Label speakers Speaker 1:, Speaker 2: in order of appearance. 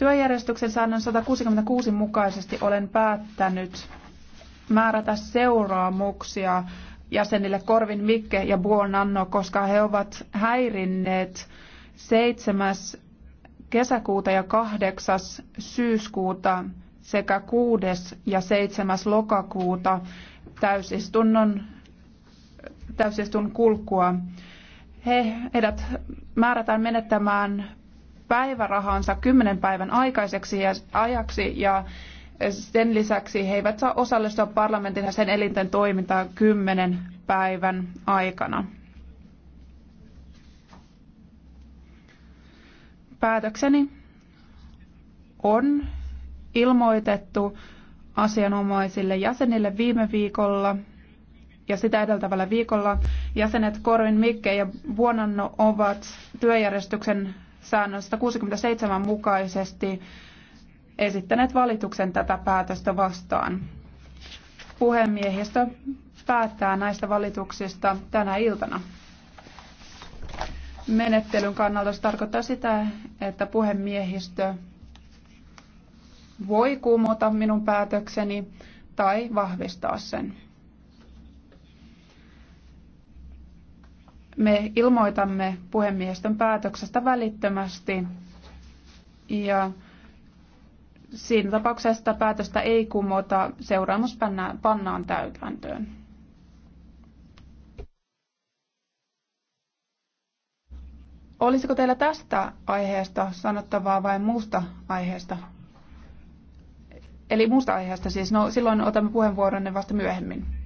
Speaker 1: Työjärjestyksen säännön 166 mukaisesti olen päättänyt määrätä seuraamuksia jäsenille Korvin Mikke ja Buonanno, koska he ovat häirinneet 7. kesäkuuta ja 8. syyskuuta sekä 6. ja 7. lokakuuta täysistunnon, täysistun kulkua. He, heidät määrätään menettämään päivärahansa kymmenen päivän aikaiseksi ja ajaksi ja sen lisäksi he eivät saa osallistua parlamentin ja sen elinten toimintaan kymmenen päivän aikana. Päätökseni on ilmoitettu asianomaisille jäsenille viime viikolla ja sitä edeltävällä viikolla. Jäsenet Korvin Mikke ja Vuonanno ovat työjärjestyksen säännön 167 mukaisesti esittäneet valituksen tätä päätöstä vastaan. Puhemiehistö päättää näistä valituksista tänä iltana. Menettelyn kannalta se tarkoittaa sitä, että puhemiehistö voi kumota minun päätökseni tai vahvistaa sen. Me ilmoitamme puhemiestön päätöksestä välittömästi ja siinä tapauksessa päätöstä ei kumota, seuraamus pannaan, pannaan täytäntöön. Olisiko teillä tästä aiheesta sanottavaa vai muusta aiheesta? Eli muusta aiheesta siis, no silloin otamme puheenvuoronne vasta myöhemmin.